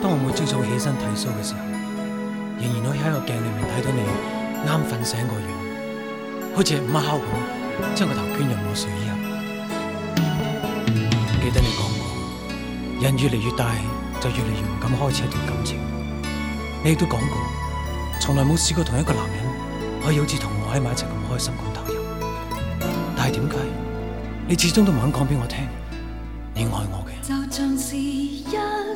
當我每朝早起身剃鬚嘅時候，仍然可以喺個鏡裏面睇到你啱瞓醒個樣，好似貓咁將個頭鑽入我睡衣入。記得你講過，人越嚟越大，就越嚟越唔敢開始一段感情。你亦都講過，從來冇試過同一個男人可以好似同我喺埋一齊咁開心咁投入。但係點解你始終都唔肯講俾我聽，你愛我的？